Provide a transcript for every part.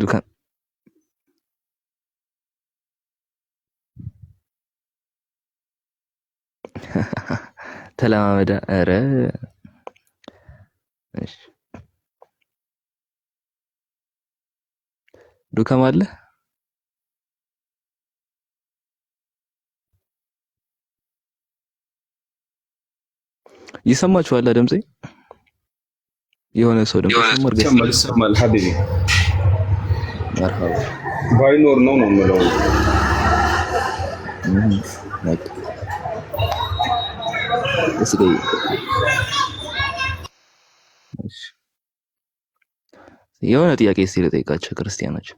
Du kan... ተለማመደ። ኧረ ዱከም አለ። ይሰማችኋል? ድምጼ የሆነ ሰው ድምጽ ባይኖር ነው ነው የምለው። የሆነ ጥያቄ እስኪ ልጠይቃቸው ክርስቲያኖች።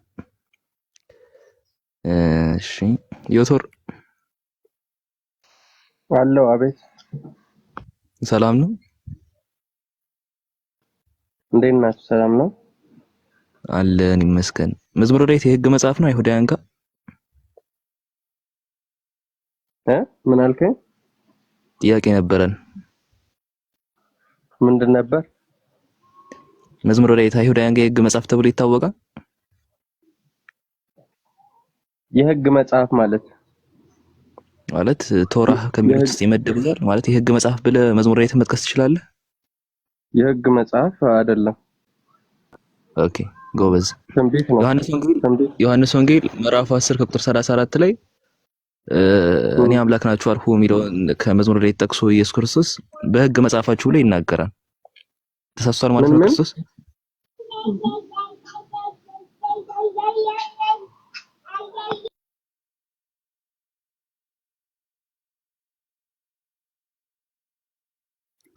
እሺ ዮቶር አለው። አቤት ሰላም ነው። እንዴት ናችሁ? ሰላም ነው። አለን ይመስገን። መዝሙረ ዳዊት የህግ መጽሐፍ ነው። አይሁዳውያን ጋር እ ምን አልከኝ? ጥያቄ ነበረን። ምንድን ነበር? መዝሙረ ዳዊት አይሁዳውያን ጋር የህግ መጽሐፍ ተብሎ ይታወቃል። የህግ መጽሐፍ ማለት ማለት ቶራህ ከሚሉት ውስጥ ይመደብዛል ማለት የህግ መጽሐፍ ብለህ መዝሙረ ዳዊትን መጥቀስ ትችላለህ? የህግ መጽሐፍ አይደለም። ኦኬ ጎበዝ። ዮሐንስ ወንጌል ምዕራፍ 10 ከቁጥር 34 ላይ እኔ አምላክ ናችሁ አልሁ የሚለውን ከመዝሙር ላይ ጠቅሶ ኢየሱስ ክርስቶስ በሕግ መጽሐፋችሁ ላይ ይናገራል። ተሳስቷል ማለት ነው ክርስቶስ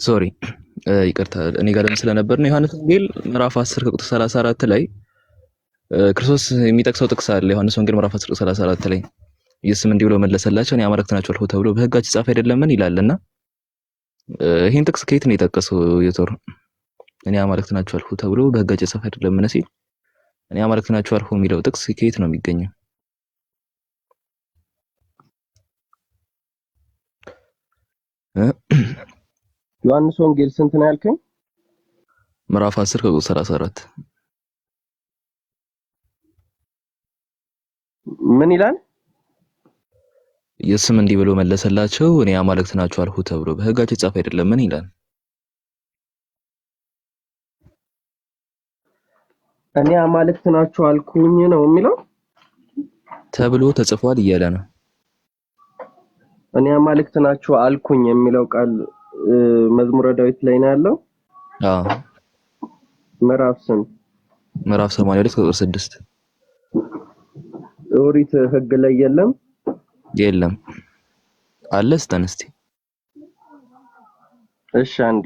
ሶሪ ይቅርታ እኔ ጋር ደግሞ ስለነበር ነው። ዮሐንስ ወንጌል ምዕራፍ 10 ቁጥር 34 ላይ ክርስቶስ የሚጠቅሰው ጥቅስ አለ። ዮሐንስ ወንጌል ምዕራፍ 10 ቁጥር 34 ላይ ኢየሱስም እንዲህ ብሎ መለሰላቸው እኔ አማልክት ናቸው አልሁ ተብሎ በሕጋችሁ ጻፍ አይደለምን ይላልና ይህን ጥቅስ ከየት ነው የጠቀሰው? የጦር እኔ አማልክት ናቸው አልሁ ተብሎ በሕጋችሁ ጻፍ አይደለምን ሲል እኔ አማልክት ናቸው አልሁ የሚለው ጥቅስ ከየት ነው የሚገኘው? ዮሐንስ ወንጌል ስንት ነው ያልከኝ? ምዕራፍ 10 ከቁጥር 34 ምን ይላል? ኢየሱስም እንዲህ ብሎ መለሰላቸው፣ እኔ አማልክት ናችሁ አልሁ ተብሎ በሕጋችሁ የጻፈ አይደለም? ምን ይላል? እኔ አማልክት ናችሁ አልኩኝ ነው የሚለው ተብሎ ተጽፏል እያለ ነው። እኔ አማልክት ናችሁ አልኩኝ የሚለው ቃል መዝሙረ ዳዊት ላይ ነው ያለው። ምዕራፍ ስንት? ምዕራፍ 82 ቁጥር ስድስት ኦሪት ህግ ላይ የለም የለም አለ። ስተን እሺ አንዴ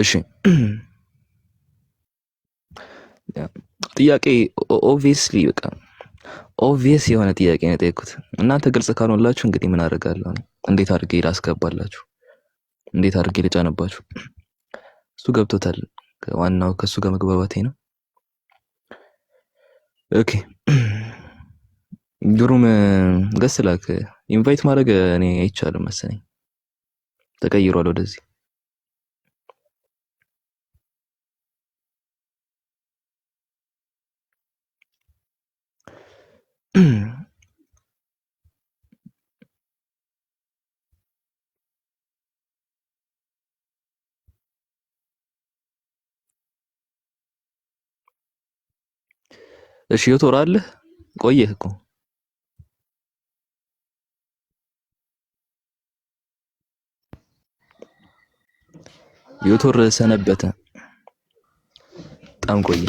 እሺ ጥያቄ ኦብቪየስሊ በቃ ኦብቪየስ የሆነ ጥያቄ ነው የጠየኩት። እናንተ ግልጽ ካልሆንላችሁ እንግዲህ ምን አደርጋለሁ? እንዴት አድርጌ ላስገባላችሁ? እንዴት አድርጌ ልጫነባችሁ? እሱ ገብቶታል። ዋናው ከእሱ ጋር መግባባቴ ነው። ኦኬ ግሩም ገስላክ ኢንቫይት ማድረግ እኔ አይቻልም መሰለኝ፣ ተቀይሯል ወደዚህ እሺ ዮቶር አለህ ቆየህ እኮ ዮቶር ሰነበተ በጣም ቆየ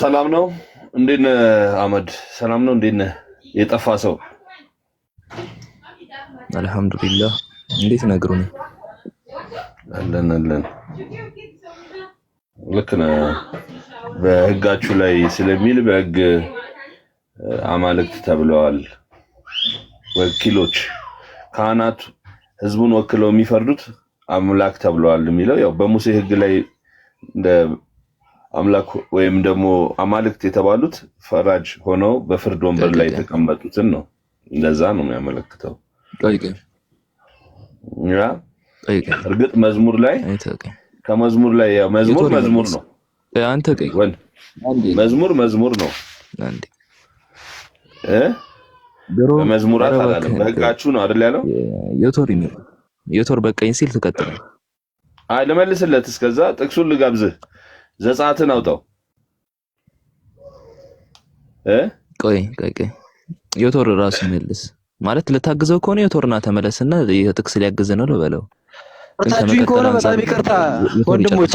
ሰላም ነው። እንዴት ነህ አህመድ? ሰላም ነው። እንዴት ነህ የጠፋ ሰው? አልሐምዱሊላህ። እንዴት ነግሩ ነው? አለን አለን። ልክ ነህ። በህጋችሁ ላይ ስለሚል በህግ አማልክት ተብለዋል ወኪሎች ካህናት ህዝቡን ወክለው የሚፈርዱት አምላክ ተብለዋል የሚለው ያው በሙሴ ህግ ላይ አምላክ ወይም ደግሞ አማልክት የተባሉት ፈራጅ ሆነው በፍርድ ወንበር ላይ የተቀመጡትን ነው። እንደዛ ነው የሚያመለክተው። እርግጥ መዝሙር ላይ ከመዝሙር ላይ መዝሙር መዝሙር ነው። አንተ መዝሙር መዝሙር ነው። መዝሙራት አላለም። በህጋችሁ ነው አይደል ያለው። የቶር በቀኝ ሲል ትቀጥላለህ። ልመልስለት። እስከዛ ጥቅሱን ልጋብዝህ ዘጻትን አውጣው። ቆይ ቆይ ቆይ ዮቶር ራሱ መልስ ማለት ልታግዘው ከሆነ ዮቶርና ተመለስና የጥቅስ ሊያግዝ ነው ልበለው። ታችሁኝ ከሆነ በጣም ይቅርታ ወንድሞቼ።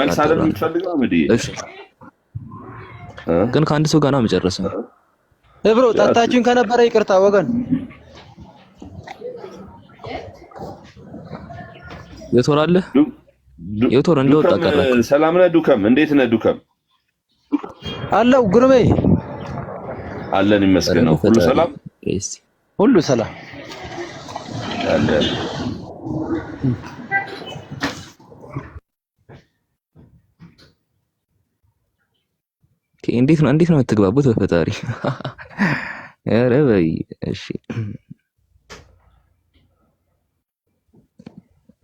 መልስ አለ የምትፈልገው ግን ከአንድ ሰው ጋር ነው የምጨርሰው። እብሮ ጠጣችሁኝ ከነበረ ይቅርታ ወገን የቶር አለ የቶር እንደወጣ ቀረ። ሰላም ነህ ዱከም? እንዴት ነህ ዱከም? አለው ጉርሜ አለን ይመስገነው። ሁሉ ሰላም ሁሉ ሰላም አለን። እንዴት ነው እንዴት ነው የምትግባቡት? በፈጣሪ ኧረ በይ እሺ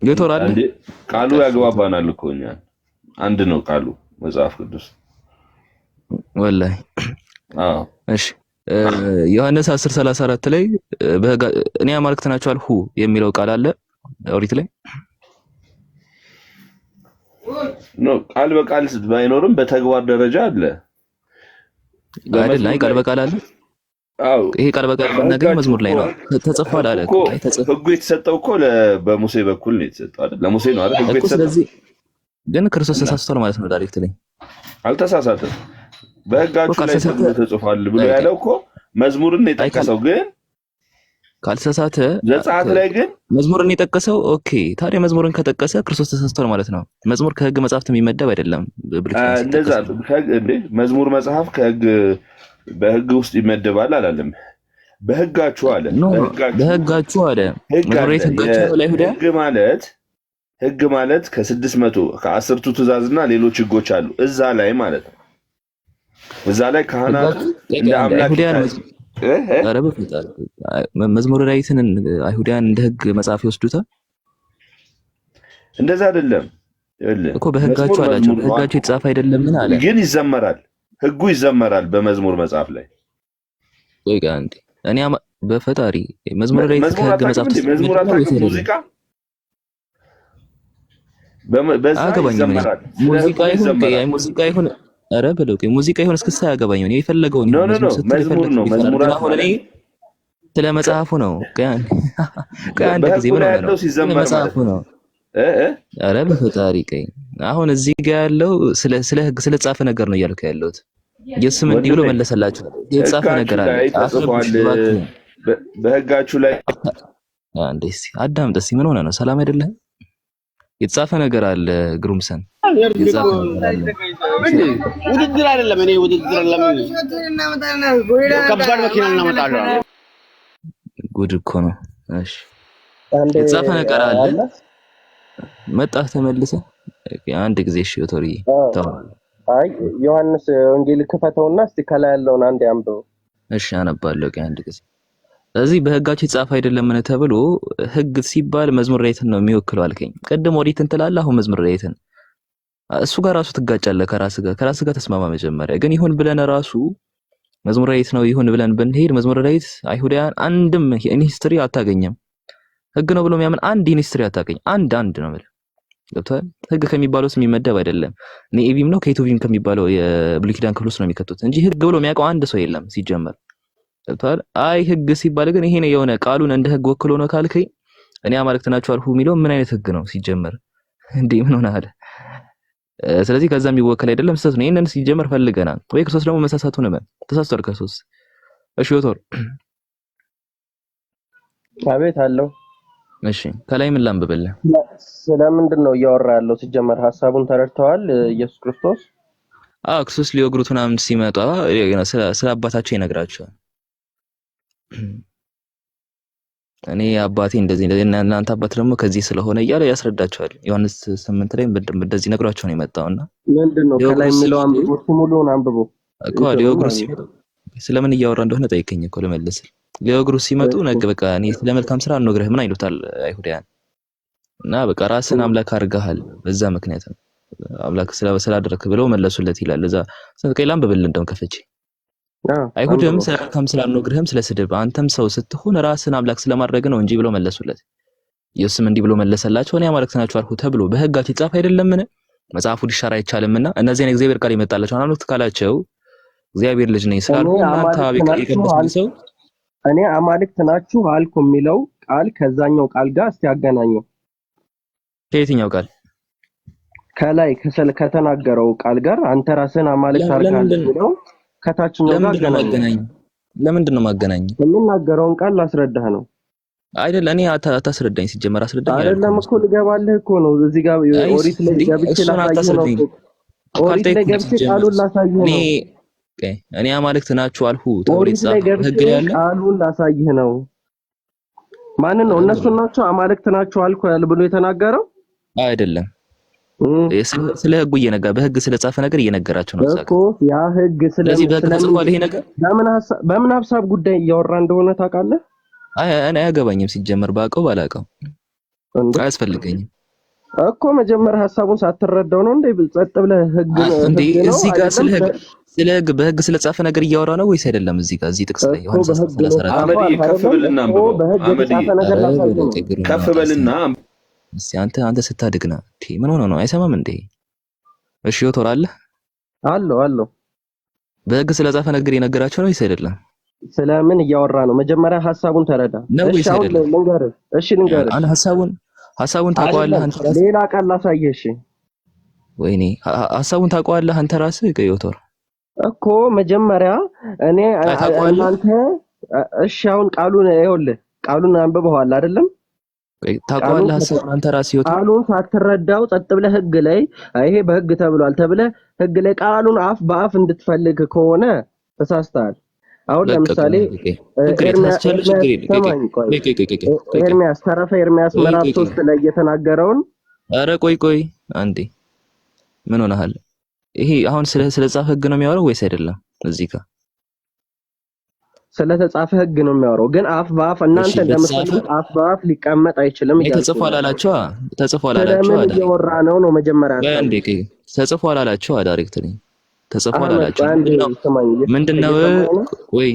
ይተራል ቃሉ ያግባባናል እኮ እኛ አንድ ነው ቃሉ መጽሐፍ ቅዱስ ወላሂ። አዎ እሺ ዮሐንስ 10 34 ላይ እኔ አማልክት ሁ የሚለው ቃል አለ ኦሪት ላይ ኖ ቃል በቃል ባይኖርም በተግባር ደረጃ አለ አይደል? አይ ቃል በቃል አለ ይሄ ቃል በቃል ነገር መዝሙር ላይ ነው። ተጽፏል አለ ህጉ የተሰጠው እኮ በሙሴ በኩል ነው የተሰጠው አይደል? ለሙሴ ነው አይደል? ህጉ ስለዚህ ግን ክርስቶስ ተሳስቷል ማለት ነው። ዳይሬክት ላይ አልተሳሳተም። በህጋችሁ ላይ ተጽፏል ብሎ ያለው እኮ መዝሙርን የጠቀሰው ግን ካልተሳሳተ ዘጸአት ላይ ግን መዝሙርን የጠቀሰው ኦኬ። ታዲያ መዝሙርን ከጠቀሰ ክርስቶስ ተሳስቷል ማለት ነው። መዝሙር ከህግ መጽሐፍት የሚመደብ አይደለም። እንደዛ መዝሙር መጽሐፍ ከህግ በህግ ውስጥ ይመደባል አላለም። በህጋችሁ አለ በህጋችሁ አለ ህግ ማለት ህግ ማለት ከስድስት መቶ ከአስርቱ ትእዛዝና ሌሎች ህጎች አሉ እዛ ላይ ማለት ነው። እዛ ላይ ካህናቱ እንደ አምላክ መዝሙረ ዳዊትን አይሁዳን እንደ ህግ መጽሐፍ ይወስዱታል። እንደዛ አይደለም እኮ በህጋችሁ አላቸው። በህጋችሁ የተጻፈ አይደለም ምን አለ ግን ይዘመራል ህጉ ይዘመራል በመዝሙር መጽሐፍ ላይ እኔ በፈጣሪ መዝሙር ላይ ከህግ መጽሐፍ ሙዚቃ ይሁን ኧረ በለው ሙዚቃ ይሁን እስክስታ ያገባኝ ነው ነው መዝሙር ነው መዝሙራት ስለ መጽሐፉ ነው ከአንድ ጊዜ ምን ነው ስለ መጽሐፉ ነው ኧረ በፈጣሪ ቀኝ አሁን እዚህ ጋር ያለው ስለ ስለ ህግ ስለ ጻፈ ነገር ነው እያልኩ ያለሁት። የሱም እንዲህ ብሎ መለሰላችሁ፣ የጻፈ ነገር አለ በህጋችሁ ላይ። አንዴ አዳምጥ እስኪ፣ ምን ሆነ ነው? ሰላም አይደለም? የተጻፈ ነገር አለ ግሩምሰን፣ የተጻፈ ውድድር አይደለም፣ እኔ ውድድር ከባድ መኪና እናመጣለን። ጉድ እኮ ነው። እሺ፣ የተጻፈ ነገር አለ። መጣህ ተመልሰህ አንድ ጊዜ እሺ፣ ዮቶሪ አይ ዮሐንስ ወንጌል ክፈተውና እስቲ ከላይ ያለውን አንድ አንብበው። እሺ፣ አነባለሁ አንድ ጊዜ። ስለዚህ በሕጋችሁ የተጻፈ አይደለምን ተብሎ ህግ ሲባል መዝሙር ዳዊትን ነው የሚወክለው አልከኝ። ቅድም ኦሪትን ትላለህ፣ አሁን መዝሙር ዳዊትን እሱ ጋር ራሱ ትጋጫለህ። ከራስ ጋር ከራስ ጋር ተስማማ። መጀመሪያ ግን ይሁን ብለን ራሱ መዝሙር ዳዊት ነው ይሁን ብለን ብንሄድ መዝሙር ዳዊት አይሁዳውያን አንድም ኢንስትሪ አታገኘም። ህግ ነው ብሎ የሚያምን አንድ ኢንስትሪ አታገኝ። አንድ አንድ ነው ማለት ገብቷል። ህግ ከሚባለው ውስጥ የሚመደብ አይደለም። እኔ ኔኤቪም ነው ከኢቱቪም ከሚባለው የብሉይ ኪዳን ክፍል ውስጥ ነው የሚከቱት እንጂ ህግ ብሎ የሚያውቀው አንድ ሰው የለም ሲጀመር። ገብቷል። አይ ህግ ሲባል ግን ይሄ የሆነ ቃሉን እንደ ህግ ወክሎ ነው ካልከኝ እኔ አማልክት ናቸው አልሁ የሚለው ምን አይነት ህግ ነው ሲጀመር? እንዴ ምን ሆነሃል? ስለዚህ ከዛ የሚወከል አይደለም፣ ስህተት ነው። ይሄንን ሲጀመር ፈልገናል ወይ ክርስቶስ ደግሞ መሳሳቱ ነው ማለት ተሳስቷል። ክርስቶስ እሺ፣ ወቶር አቤት አለው እሺ ከላይ ምን ላንብብልህ? ስለምንድን ነው እያወራ ያለው? ሲጀመር ሀሳቡን ተረድተዋል። ኢየሱስ ክርስቶስ ክርስቶስ ሊወግሩት ምናምን ሲመጣ ስለ አባታቸው ይነግራቸዋል። እኔ አባቴ እንደዚህ እናንተ አባት ደግሞ ከዚህ ስለሆነ እያለ ያስረዳቸዋል። ዮሐንስ ስምንት ላይ እንደዚህ ነግሯቸው ነው እና ምንድን ነው ከላይ የሚለው አንብቦ ሙሉውን ሊወግሩት ሲመጣ ስለምን እያወራ እንደሆነ ጠይቀኝ እኮ ልመልስልህ ሊወግሩ ሲመጡ ነገ በቃ እኔ ስለ መልካም ስራ አንወግረህ ምን አይሉታል አይሁዳያን። እና በቃ ራስን አምላክ አድርገሃል በዛ ምክንያት ነው አምላክ ስላደረክ ብለው መለሱለት ይላል። እዛ ቀይ ላምብብል እንደውም ከፈች አይሁድም ስለ መልካም ስራ አንወግርህም ስለ ስድብ አንተም ሰው ስትሆን ራስን አምላክ ስለማድረግ ነው እንጂ ብለው መለሱለት። ኢየሱስም እንዲህ ብሎ መለሰላቸው እኔ አማልክት ናችሁ አልኩ ተብሎ በሕጋችሁ ይጻፍ አይደለምን? መጽሐፉ ሊሻር አይቻልምና እነዚህን እግዚአብሔር ቃል ይመጣላቸው አማልክት ካላቸው እግዚአብሔር ልጅ ነኝ ስላልኩ እናንተ የቀደስኩ ሰው እኔ አማልክት ናችሁ አልኩ የሚለው ቃል ከዛኛው ቃል ጋር እስቲ አገናኘው። ከየትኛው ቃል? ከላይ ከሰል ከተናገረው ቃል ጋር አንተ ራስህን አማልክት አድርጋለህ የሚለው ከታችኛው ጋር አገናኘው። ለምንድን ነው የማገናኘው? የምናገረውን ቃል ላስረዳህ ነው አይደል? እኔ አታስረዳኝ፣ ሲጀመር አስረዳኝ አይደለም እኮ ልገባልህ እኮ ነው። እዚህ ጋር ኦሪት ላይ ገብቼ ላሳየህ ነው። ኦሪት ላይ ገብቼ ቃሉን ላሳየህ ነው። በቃኝ። እኔ አማልክት ናችሁ አልሁ ተብሎ ቃሉን ላሳይህ ነው። ማንን ነው? እነሱን ናቸው አማልክት ናችሁ አልኩ ያለ ብሎ የተናገረው አይደለም። ስለ ህጉ እየነገረ በህግ ስለጻፈ ነገር እየነገራቸው ነው እኮ ያ ህግ። ስለዚህ በህግ ተጽፏል ይሄ ነገር። በምን ሀሳብ ጉዳይ እያወራ እንደሆነ ታውቃለህ? አይ እኔ አያገባኝም ሲጀመር፣ ባውቀው ባላውቀው አያስፈልገኝም። እኮ መጀመር ሀሳቡን ሳትረዳው ነው እንዴ? ጸጥ ብለህ ህግ ነው እንዴ? እዚህ ጋር ስለ ህግ ስለ ህግ በህግ ስለጻፈ ነገር እያወራ ነው ወይስ አይደለም? እዚህ ጋር እዚህ ጥቅስ ላይ ዮሐንስ 34 አመዲ ከፍ በልና አንብበው። አመዲ ከፍ በልና እስቲ አንተ አንተ ስታድግና እንዴ ምን ሆነ ነው አይሰማም እንዴ? እሺ ዮቶር አለ አለው አለው። በህግ ስለጻፈ ነገር የነገራቸው ነው ወይስ አይደለም? ስለምን እያወራ ነው? መጀመሪያ ሀሳቡን ተረዳ። ነው እሺ ልንገርህ። እሺ ልንገርህ ሀሳቡን ሀሳቡን ታውቀዋለህ አንተ ራስህ። ሌላ ቀን ላሳየሽ። ወይኔ ሀሳቡን ታውቀዋለህ አንተ ራስህ ቀዮቶር እኮ መጀመሪያ እኔ አንተ እሺ፣ አሁን ቃሉን ይኸውልህ፣ ቃሉን አንብበዋል አይደለም? ታውቀዋለህ ሀሳቡን አንተ ራስህ ይወጣ። ቃሉን ሳትረዳው ጸጥ ብለህ ህግ ላይ ይሄ በህግ ተብሏል ተብለህ ህግ ላይ ቃሉን አፍ በአፍ እንድትፈልግ ከሆነ ተሳስተሃል። አሁን ለምሳሌ ኤርሚያስ ተረፈ ኤርሚያስ ምዕራፍ ሶስት ላይ የተናገረውን አረ ቆይ ቆይ አንዴ ምን ሆነሃል? ይሄ አሁን ስለ ስለ ጻፈ ህግ ነው የሚያወራው ወይስ አይደለም? እዚህ ጋር ስለ ተጻፈ ህግ ነው የሚያወራው፣ ግን አፍ በአፍ እናንተ እንደምትሰሙት አፍ በአፍ ሊቀመጥ አይችልም። ይሄ ተጽፏል አላችሁ ተጽፏል አላችሁ አይደል? ስለምን ነው ነው መጀመሪያ አንዴ ተጽፏል አላችሁ ዳይሬክትሊ ተጽፏል አላችሁ። ምንድነው ወይ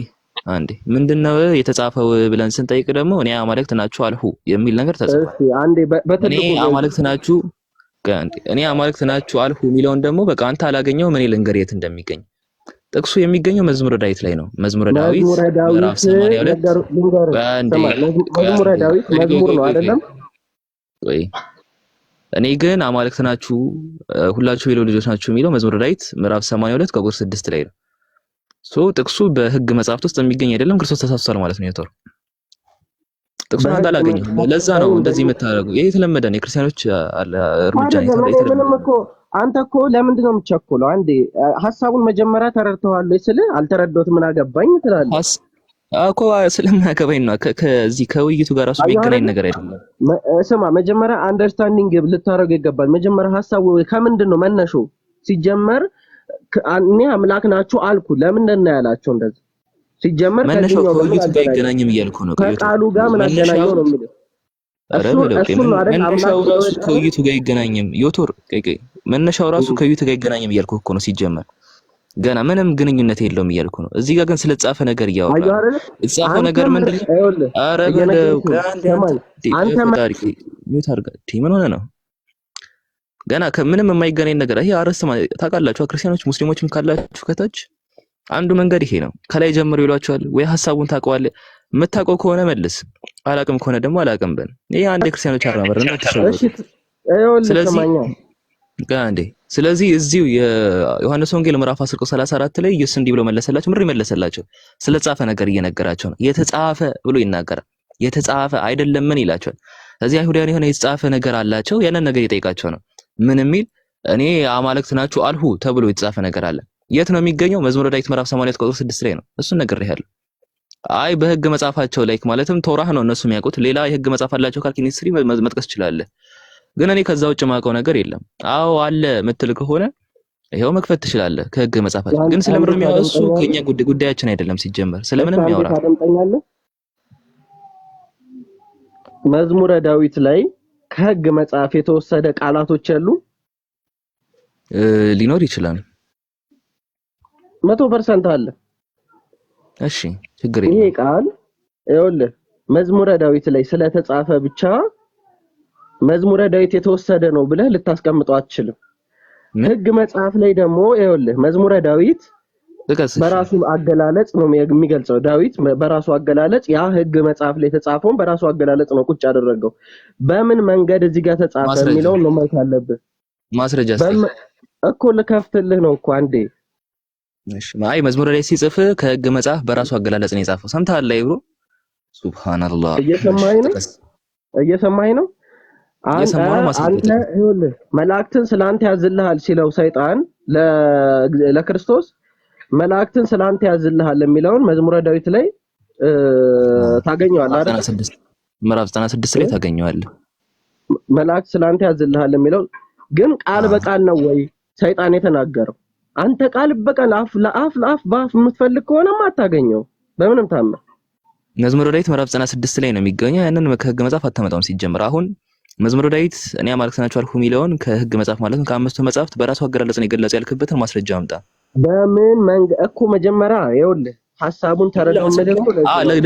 አንዴ ምንድነው የተጻፈው ብለን ስንጠይቅ ደግሞ እኔ አማልክት ናችሁ አልሁ የሚል ነገር ተጽፏል። እኔ አማልክት ናችሁ እኔ አማልክት ናችሁ አልሁ የሚለውን ደግሞ በቃ አንተ አላገኘው ምን ልንገር የት እንደሚገኝ ጥቅሱ የሚገኘው መዝሙረ ዳዊት ላይ ነው። መዝሙረ ዳዊት ምዕራፍ 82 አንዴ መዝሙረ ዳዊት መዝሙር ነው አይደለም ወይ እኔ ግን አማልክት ናችሁ ሁላችሁ የሌዊ ልጆች ናችሁ የሚለው መዝሙር ዳዊት ምዕራፍ 82 ከቁጥር 6 ላይ ነው። ሶ ጥቅሱ በህግ መጽሐፍት ውስጥ የሚገኝ አይደለም። ክርስቶስ ተሳስቷል ማለት ነው። የቶር ጥቅሱ አንተ አላገኘሁም። ለዛ ነው እንደዚህ የምታደርገው። ይሄ የተለመደ ነው፣ የክርስቲያኖች እርምጃ ነው። ምንም እኮ አንተ እኮ ለምንድን ነው የምትቸኩለው? አንዴ ሀሳቡን መጀመሪያ ተረድተዋለሁ ስልህ አልተረዳሁትም ምን አገባኝ ትላለህ እኮ ስለምናገባኝ ነው። ከዚህ ከውይይቱ ጋር ራሱ የሚገናኝ ነገር አይደለም። ስማ መጀመሪያ አንደርስታንዲንግ ልታደርገው ይገባል። መጀመሪያ ሀሳቡ ከምንድን ነው መነሹ? ሲጀመር እኔ አምላክ ናችሁ አልኩ። ለምንድን ነው ያላቸው እንደዚህ? ሲጀመር መነሾ ከውይይቱ ጋር አይገናኝም እያልኩ ነው። ከቃሉ ጋር ምን አገናኘው ነው የሚለው መነሻው ራሱ ከውይይቱ ጋር አይገናኝም። ዮቶር መነሻው ራሱ ከውይይቱ ጋር አይገናኝም እያልኩ እኮ ነው ሲጀመር ገና ምንም ግንኙነት የለውም እያልኩ ነው። እዚህ ጋር ግን ስለተጻፈ ነገር እያወራ ነገር ነው? ሆነ ነው ገና ከምንም የማይገናኝ ነገር ይሄ አረስ ታውቃላችሁ። ክርስቲያኖች ሙስሊሞችም ካላችሁ ከታች አንዱ መንገድ ይሄ ነው። ከላይ ጀምሮ ይሏቸዋል ወይ ሀሳቡን ታውቀዋለህ። የምታውቀው ከሆነ መልስ፣ አላቅም ከሆነ ደግሞ አላቅም በል። ይሄ አንድ የክርስቲያኖች አራመር ነው። ስለዚህ ገና እንዴ ስለዚህ እዚሁ የዮሐንስ ወንጌል ምዕራፍ 10 ቁጥር 34 ላይ ኢየሱስ እንዲህ ብሎ መለሰላቸው። ምር መለሰላቸው ስለተጻፈ ነገር እየነገራቸው ነው። የተጻፈ ብሎ ይናገራል። የተጻፈ ምን ይላቸዋል። እዚህ አይሁዳን የሆነ የተጻፈ ነገር አላቸው። ያንን ነገር እየጠየቃቸው ነው። ምን የሚል እኔ አማልክት ናችሁ አልሁ ተብሎ የተጻፈ ነገር አለ። የት ነው የሚገኘው? መዝሙረ ዳዊት ምዕራፍ 82 ቁጥር 6 ላይ ነው። እሱን ነግሬሃለሁ። አይ በህግ መጽሐፋቸው ላይክ ማለትም ቶራህ ነው እነሱ የሚያውቁት። ሌላ የህግ መጽሐፍ አላቸው ካልክ ኢንዱስትሪ መጥቀስ ይችላል። ግን እኔ ከዛ ውጭ ማውቀው ነገር የለም። አዎ አለ ምትል ከሆነ ይሄው መክፈት ትችላለህ። ከህግ መጻፋት ግን ስለምን የሚያወራ እሱ ከኛ ጉዳያችን አይደለም። ሲጀመር ስለምንም የሚያወራ መዝሙረ ዳዊት ላይ ከህግ መጽሐፍ የተወሰደ ቃላቶች አሉ ሊኖር ይችላል። መቶ ፐርሰንት አለ። እሺ ችግር ይሄ ቃል ይኸውልህ መዝሙረ ዳዊት ላይ ስለተጻፈ ብቻ መዝሙረ ዳዊት የተወሰደ ነው ብለህ ልታስቀምጠው አትችልም። ህግ መጽሐፍ ላይ ደግሞ ይኸውልህ መዝሙረ ዳዊት በራሱ አገላለጽ ነው የሚገልጸው። ዳዊት በራሱ አገላለጽ ያ ህግ መጽሐፍ ላይ የተጻፈውን በራሱ አገላለጽ ነው ቁጭ ያደረገው። በምን መንገድ እዚህ ጋር ተጻፈ የሚለውን ነው ማየት አለብህ። ማስረጃ እኮ ልከፍትልህ ነው እኮ አንዴ። እሺ አይ መዝሙረ ዳዊት ሲጽፍ ከህግ መጽሐፍ በራሱ አገላለጽ ነው የጻፈው። ሰምተሃል? ላይ ሱብሃንአላህ። እየሰማኸኝ ነው? እየሰማኸኝ ነው? አንተ መላእክትን ስላንተ ያዝልሃል ሲለው ሰይጣን ለክርስቶስ መላእክትን ስላንተ ያዝልሃል የሚለውን መዝሙረ ዳዊት ላይ ታገኘዋለህ አይደል? ምዕራፍ 96 ላይ ታገኘዋለህ። መላእክት ስላንተ ያዝልሃል የሚለው ግን ቃል በቃል ነው ወይ ሰይጣን የተናገረው? አንተ ቃል በቃል አፍ ለአፍ ለአፍ በአፍ የምትፈልግ ከሆነማ አታገኘው በምንም ታምር። መዝሙረ ዳዊት ምዕራፍ 96 ላይ ነው የሚገኘው። ያንን ከህገ መጽሐፍ አታመጣውም ሲጀምር አሁን መዝሙረ ዳዊት እኔ አማልክት ናቸው አልኩ የሚለውን ከህግ መጽሐፍ ማለት ነው ከአምስቱ መጽሐፍት በራሱ አገላለጽ ነው የገለጸ ያልክበትን ማስረጃ አምጣ። በምን መንገ እኮ መጀመሪያ ይኸውልህ ሀሳቡን ተረዳው።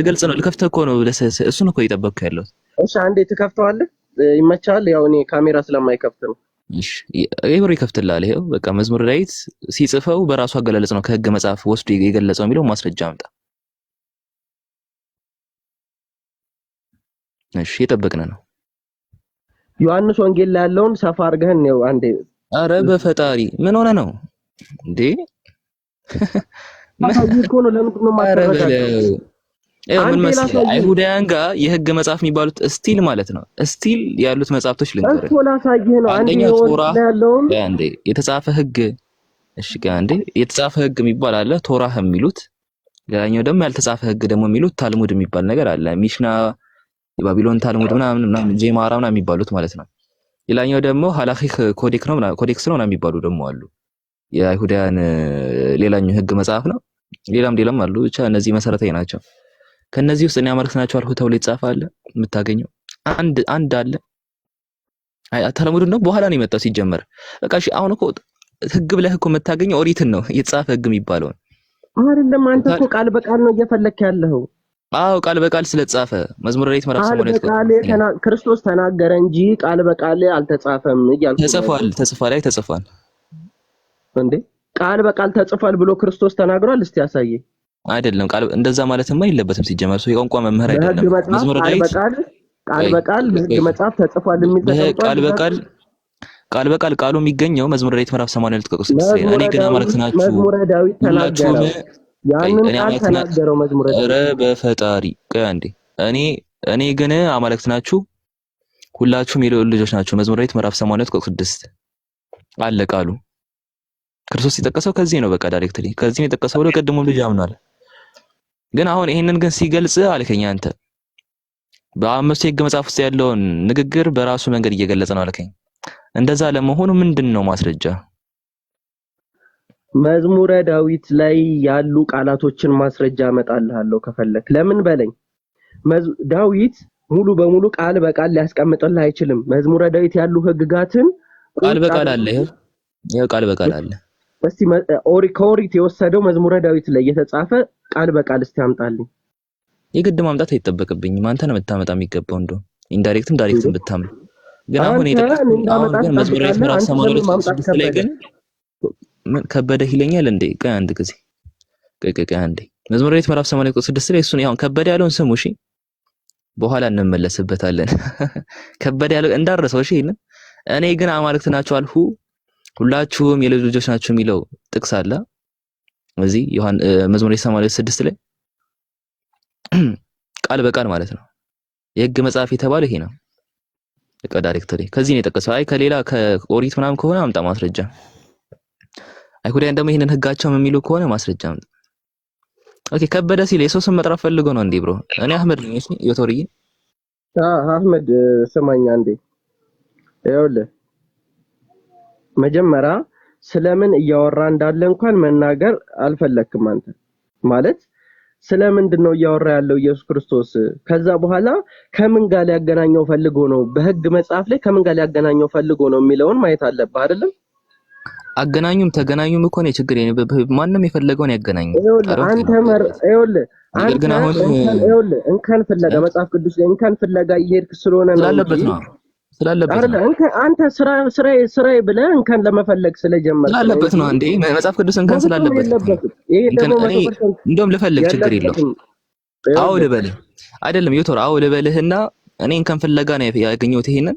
ልገልጽ ነው ልከፍተህ እኮ ነው እሱን እኮ እየጠበቅኩ ያለሁት። እሺ አንዴ ትከፍተዋለህ፣ ይመቻል። ያው እኔ ካሜራ ስለማይከፍት ነው። ይብር ይከፍትልሃል። ይሄው በቃ መዝሙረ ዳዊት ሲጽፈው በራሱ አገላለጽ ነው ከህግ መጽሐፍ ወስዶ የገለጸው የሚለው ማስረጃ አምጣ። እሺ እየጠበቅን ነው ዮሐንስ ወንጌል ላይ ያለውን ሰፋ አድርገህን ነው አንዴ። አረ በፈጣሪ ምን ሆነ ነው እንዴ? አይሁዳውያን ጋር የህግ መጽሐፍ የሚባሉት እስቲል ማለት ነው። እስቲል ያሉት መጽሐፍቶች ልንገርህ እኮ ላሳይህ ነው። አንደኛው ቶራ አንዴ የተጻፈ ህግ እሺ፣ ጋር አንዴ የተጻፈ ህግ የሚባል አለ ቶራህ የሚሉት ሌላኛው ደግሞ ያልተጻፈ ህግ ደግሞ የሚሉት ታልሙድ የሚባል ነገር አለ ሚሽና የባቢሎን ታልሙድ ምናምን ምናምን ጄማራ ምናምን የሚባሉት ማለት ነው። ሌላኛው ደግሞ ሀላኺክ ኮዴክ ነው ኮዴክስ ነው ምናምን የሚባሉ ደግሞ አሉ። የአይሁዳያን ሌላኛው ህግ መጽሐፍ ነው። ሌላም ሌላም አሉ። ብቻ እነዚህ መሰረታዊ ናቸው። ከነዚህ ውስጥ እኔ አማልክት ናቸው አልሁ ተብሎ የተጻፈ አለ የምታገኘው አንድ አንድ አለ። ተልሙድ ነው በኋላ ነው የመጣው ሲጀመር። በቃ እሺ፣ አሁን እኮ ህግ ብለህ እኮ የምታገኘው ኦሪትን ነው የተጻፈ ህግ የሚባለውን አይደለም። አንተ እኮ ቃል በቃል ነው እየፈለክ ያለው አዎ ቃል በቃል ስለተጻፈ መዝሙር ዳዊት ምዕራፍ 80 ክርስቶስ ተናገረ እንጂ ቃል በቃል አልተጻፈም እያልኩ ተጽፏል። ተጽፏል ላይ ተጽፏል እንዴ ቃል በቃል ተጽፏል ብሎ ክርስቶስ ተናግሯል። እስቲ ያሳየ አይደለም ቃል እንደዛ ማለትማ የለበትም ሲጀመር ሰው የቋንቋ መምህር አይደለም። መዝሙር ዳዊት ቃል በቃል በሕግ መጽሐፍ ተጽፏል የሚል ቃል በቃል ቃል በቃል ቃሉ የሚገኘው መዝሙር ዳዊት ምዕራፍ 80 ላይ ተቀቅሶ እኔ ግን አማልክት ናችሁ መዝሙር ዳዊት ተናገረ ያንን ቃል ተናገረው። መዝሙረ ኧረ በፈጣሪ እንዴ! እኔ እኔ ግን አማልክት ናችሁ ሁላችሁም የልዑል ልጆች ናችሁ። መዝሙረ ዳዊት ምዕራፍ 82 ቁጥር 6 አለ ቃሉ። ክርስቶስ የጠቀሰው ከዚህ ነው። በቃ ዳይሬክትሊ ከዚህም የጠቀሰው ብሎ ቀድሞም ልጅ አምኗል። ግን አሁን ይሄንን ግን ሲገልጽ አልከኝ አንተ በአምስቱ የሕግ መጽሐፍ ውስጥ ያለውን ንግግር በራሱ መንገድ እየገለጸ ነው አልከኝ። እንደዛ ለመሆኑ ምንድን ነው ማስረጃ? መዝሙረ ዳዊት ላይ ያሉ ቃላቶችን ማስረጃ አመጣልሃለሁ ከፈለክ። ለምን በለኝ። ዳዊት ሙሉ በሙሉ ቃል በቃል ሊያስቀምጥልህ አይችልም። መዝሙረ ዳዊት ያሉ ህግጋትን ቃል በቃል አለ። ይሄ ቃል በቃል አለ። እስቲ ኦሪ ከኦሪት የወሰደው መዝሙረ ዳዊት ላይ የተጻፈ ቃል በቃል እስቲ አምጣልኝ። የግድ ማምጣት አይጠበቅብኝም። አንተ ነው የምታመጣ የሚገባው። እንደው ኢንዳይሬክትም ዳይሬክትም ብታምን ግን አሁን እኔ አሁን ግን መዝሙረ ዳዊት ምዕራፍ 86 ላይ ግን ምን ከበደ ይለኛል እንዴ? ቀን አንድ ጊዜ ቀቀ ቆይ አንዴ መዝሙረ ዳዊት ምዕራፍ 8 ቁጥር 6 ላይ እሱን ያው ከበደ ያለውን ስሙ። እሺ በኋላ እንመለስበታለን። ከበደ ያለው እንዳረሰው። እሺ ይሄን እኔ ግን አማልክት ናችሁ አልሁ ሁላችሁም የልጅ ልጆች ናችሁ የሚለው ጥቅስ አለ እዚህ መዝሙረ ዳዊት 6 ላይ ቃል በቃል ማለት ነው። የህግ መጽሐፍ የተባለው ይሄ ነው። በቃ ዳይሬክተሪ ከዚህ ነው የጠቀሰው። አይ ከሌላ ከኦሪት ምናምን ከሆነ አምጣ ማስረጃ አይሁዳውያን ደግሞ ይሄንን ህጋቸውም የሚሉ ከሆነ ማስረጃ ኦኬ ከበደ ሲል የሶስን መጥራት ፈልጎ ነው እንዴ? ብሮ እኔ አህመድ ነኝ። እሺ ዮቶሪ አህመድ ስማኝ እንዴ ይኸውልህ መጀመሪያ ስለምን እያወራ እንዳለ እንኳን መናገር አልፈለክም አንተ ማለት ስለምንድን ነው እያወራ ያለው ኢየሱስ ክርስቶስ? ከዛ በኋላ ከምን ጋር ሊያገናኘው ፈልጎ ነው? በህግ መጽሐፍ ላይ ከምን ጋር ሊያገናኘው ፈልጎ ነው የሚለውን ማየት አለብህ አይደለም? አገናኙም ተገናኙም እኮ ነው ችግር የኔ ማንም የፈለገውን ያገናኝ። አንተ መር ይኸውልህ አንተ ግን አሁን ይኸውልህ እንከን ፍለጋ መጽሐፍ ቅዱስ ላይ እንከን ፍለጋ እየሄድክ ስለሆነ ነው ስላለበት ነው ስላለበት ነው አንተ ስራ ስራ ስራ ብለህ እንከን ለመፈለግ ስለጀመረ ስላለበት ነው እንዴ መጽሐፍ ቅዱስ እንከን ስላለበት ይሄ ደግሞ እንደውም ልፈልግ ችግር የለውም አዎ ልበልህ አይደለም ዮቶር አዎ ልበልህና እኔ እንከን ፍለጋ ነው ያገኘሁት ይሄንን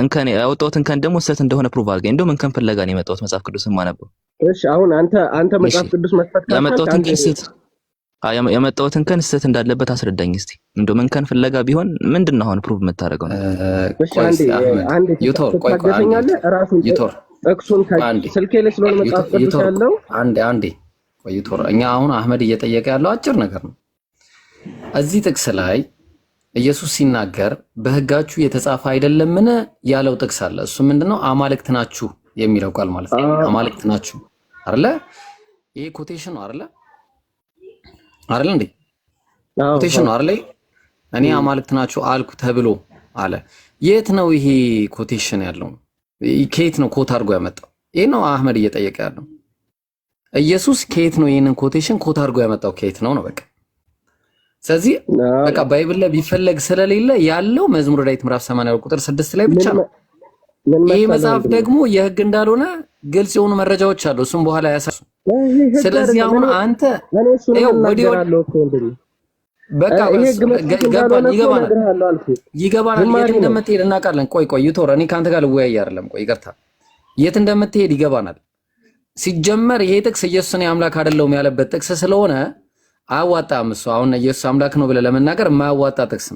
እንከን ያወጣሁት እንከን ደግሞ ስህተት እንደሆነ ፕሩቭ አድርገኝ። እንደውም እንከን ፍለጋ ነው የመጣሁት መጽሐፍ ቅዱስ ማነበው። እሺ አሁን አንተ አንተ መጽሐፍ ቅዱስ መስፈት ያመጣሁት እንከን ስህተት የመጣሁት እንከን ስህተት እንዳለበት አስረዳኝ እስቲ። እንደውም እንከን ፍለጋ ቢሆን ምንድን ነው አሁን ፕሩቭ የምታደርገው? እኛ አሁን አህመድ እየጠየቀ ያለው አጭር ነገር ነው እዚህ ጥቅስ ላይ ኢየሱስ ሲናገር በህጋችሁ የተጻፈ አይደለምን ያለው ጥቅስ አለ። እሱ ምንድነው? አማልክት ናችሁ የሚለው ቃል ማለት ነው። አማልክት ናችሁ አለ። ይሄ ኮቴሽን ነው አለ አለ እንዴ? ኮቴሽን ነው አለ። እኔ አማልክት ናችሁ አልኩ ተብሎ አለ። የት ነው ይሄ ኮቴሽን ያለው? ከየት ነው ኮት አድርጎ ያመጣው? ይህ ነው አህመድ እየጠየቀ ያለው። ኢየሱስ ከየት ነው ይህንን ኮቴሽን ኮት አድርጎ ያመጣው? ከየት ነው ነው በቃ ስለዚህ በቃ ባይብል ላይ ቢፈለግ ስለሌለ ያለው መዝሙር ዳዊት ምዕራፍ 80 ቁጥር ስድስት ላይ ብቻ ነው። ይህ መጽሐፍ ደግሞ የህግ እንዳልሆነ ግልጽ የሆኑ መረጃዎች አሉ። እሱም በኋላ ያሳሱ። ስለዚህ አሁን አንተ በቃ ገባን፣ ይገባናል፣ የት እንደምትሄድ እናውቃለን። ቆይ ቆይ ይቶር እኔ ከአንተ ጋር ልወያይ አይደለም። ቆይ ይቅርታ፣ የት እንደምትሄድ ይገባናል። ሲጀመር ይሄ ጥቅስ ኢየሱስን አምላክ አይደለሁም ያለበት ጥቅስ ስለሆነ አያዋጣም። እሱ አሁን ኢየሱስ አምላክ ነው ብለህ ለመናገር የማያዋጣ ጥቅስ ነው።